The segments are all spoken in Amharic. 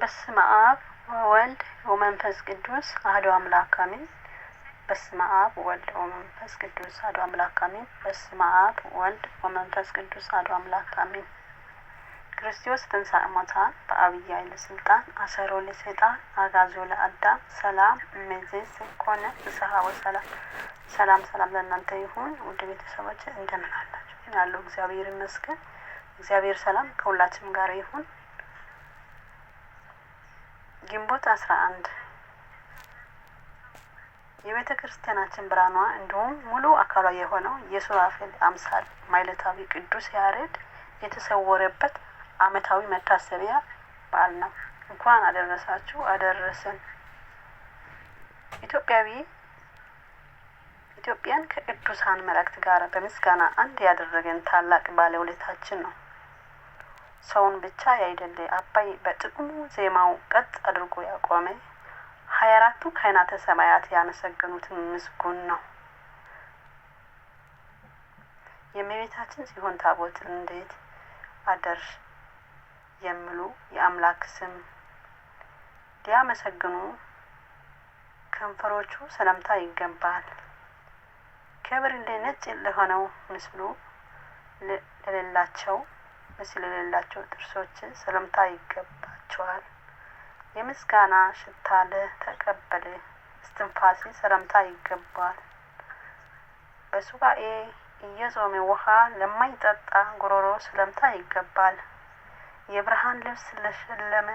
በስመ አብ ወወልድ ወመንፈስ ቅዱስ አሐዱ አምላክ አሜን። በስመ አብ ወልድ ወመንፈስ ቅዱስ አሐዱ አምላክ አሜን። በስመ አብ ወልድ ወመንፈስ ቅዱስ አሐዱ አምላክ አሜን። ክርስቶስ ትንሣኤ ሙታን በዐቢይ ኃይል ስልጣን አሰሮ ለሰይጣን አጋዞ ለአዳም ሰላም እምይእዜሰ ኮነ ፍስሐ ወሰላም። ሰላም ሰላም ለእናንተ ይሁን ውድ ቤተሰቦች እንደምን አላችሁ? ያለው እግዚአብሔር ይመስገን። እግዚአብሔር ሰላም ከሁላችንም ጋር ይሁን። ግንቦት 11 የቤተ ክርስቲያናችን ብርሃኗ እንዲሁም ሙሉ አካሏ የሆነው የሱራፌል አምሳል ማይለታዊ ቅዱስ ያሬድ የተሰወረበት ዓመታዊ መታሰቢያ በዓል ነው። እንኳን አደረሳችሁ አደረሰን። ኢትዮጵያዊ ኢትዮጵያን ከቅዱሳን መላእክት ጋር በምስጋና አንድ ያደረገን ታላቅ ባለውለታችን ነው። ሰውን ብቻ ያይደለ አባይ በጥቅሙ ዜማው ቀጥ አድርጎ ያቆመ ሀያ አራቱ ካህናተ ሰማያት ያመሰገኑትን ምስጉን ነው። የእመቤታችን ጽዮን ታቦት እንዴት አደርሽ የሚሉ የአምላክ ስም ሊያመሰግኑ ከንፈሮቹ ሰላምታ ይገባል። ክብር እንደ ነጭ ለሆነው ምስሉ ለሌላቸው ምስል የሌላቸው ጥርሶች ሰላምታ ይገባቸዋል። የምስጋና ሽታ ለተቀበለ እስትንፋሴ ሰላምታ ይገባል። በሱባኤ እየጾመ ውሃ ለማይጠጣ ጉሮሮ ሰላምታ ይገባል። የብርሃን ልብስ ለሸለመ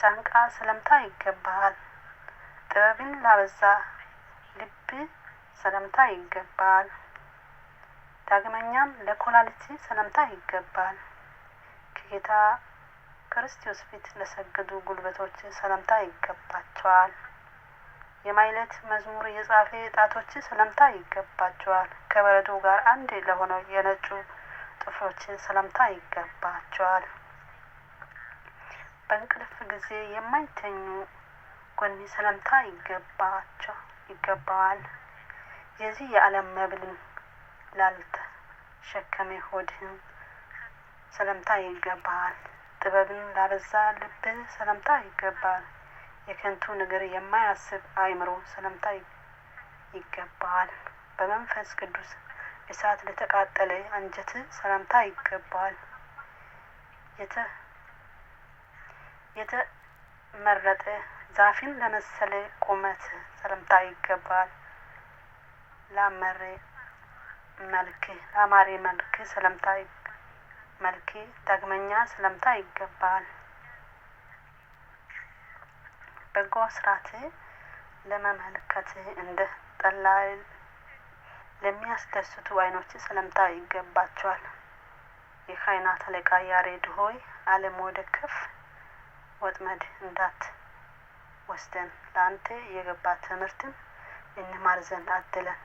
ጫንቃ ሰላምታ ይገባል። ጥበብን ላበዛ ልብ ሰላምታ ይገባል። ዳግመኛም ለኮላሊቲ ሰላምታ ይገባል። ጌታ ክርስቶስ ፊት ለሰገዱ ጉልበቶች ሰላምታ ይገባቸዋል። የማይለት መዝሙር የጻፈ ጣቶች ሰላምታ ይገባቸዋል። ከበረዶ ጋር አንድ ለሆነው የነጩ ጥፍሮች ሰላምታ ይገባቸዋል። በእንቅልፍ ጊዜ የማይተኙ ጎን ሰላምታ ይገባቸው ይገባዋል። የዚህ የዓለም መብልን ላልተሸከመ ሆድህን ሰላምታ ይገባሃል። ጥበብን ላበዛ ልብ ሰላምታ ይገባል። የከንቱ ነገር የማያስብ አእምሮ ሰላምታ ይገባል! በመንፈስ ቅዱስ እሳት ለተቃጠለ አንጀት ሰላምታ ይገባል። የተመረጠ ዛፍን ለመሰለ ቁመት ሰላምታ ይገባል። ላማረ መልክ ላማሬ መልክ ሰላምታ መልክ ዳግመኛ ሰላምታ ይገባል። በጎ ስራት ለመመልከት እንደ ጠላ ለሚያስደስቱ አይኖች ሰላምታ ይገባቸዋል። የካይና ተለቃ ያሬድ ሆይ ዓለም ወደ ክፍ ወጥመድ እንዳት ወስደን ለአንተ የገባ ትምህርትን እንማር ዘንድ አድለን።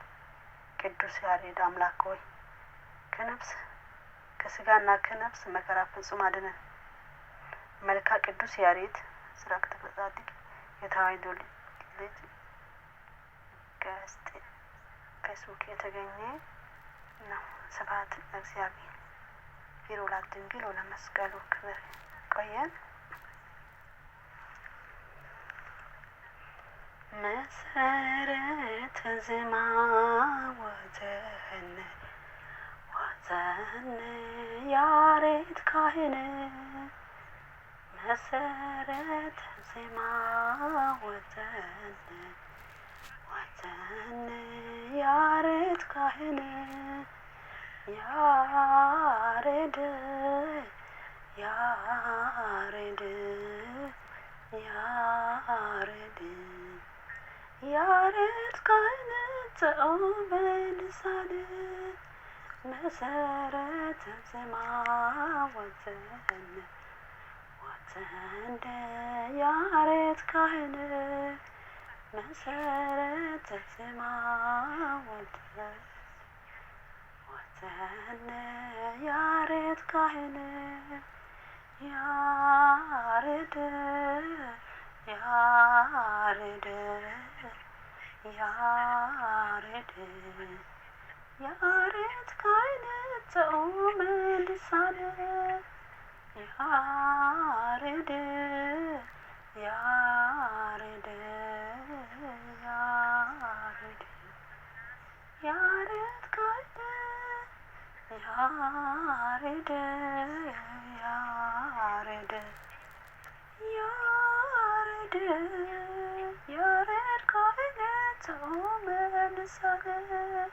ቅዱስ ያሬድ አምላክ ሆይ ከነፍስ ከስጋና ከነፍስ መከራ ፍጹም አድነን። መልካ ቅዱስ ያሬድ ስራክ ተክለ ጻድቅ ልጅ ከስጤ ፌስቡክ የተገኘ ነው። ስብሐት ለእግዚአብሔር ይሮላል ድንግል ለመስቀሉ ክብር ቆየን። መሰረተ ዝማወተነ ሰን ያሬድ ካህን መሰረት ዜማ ወተን ወተን ያሬድ ካህን ያሬድ ያሬድ ያሬድ ያሬድ ካህን ጽኦ በልሳን መሰረተ ስማ ወተን ወተን ያሬት ካህን መሰረተ ስማ ወተን ወተን ያሬት ካህን ያሬድ ያሬድ ያሬድ የአረት ካይነት ሰው መልሳለ ያረደ ያረደ ያረደ ያረት ካይነ ያረደ ያረደ ያረደ ያረት ካይነት ሰው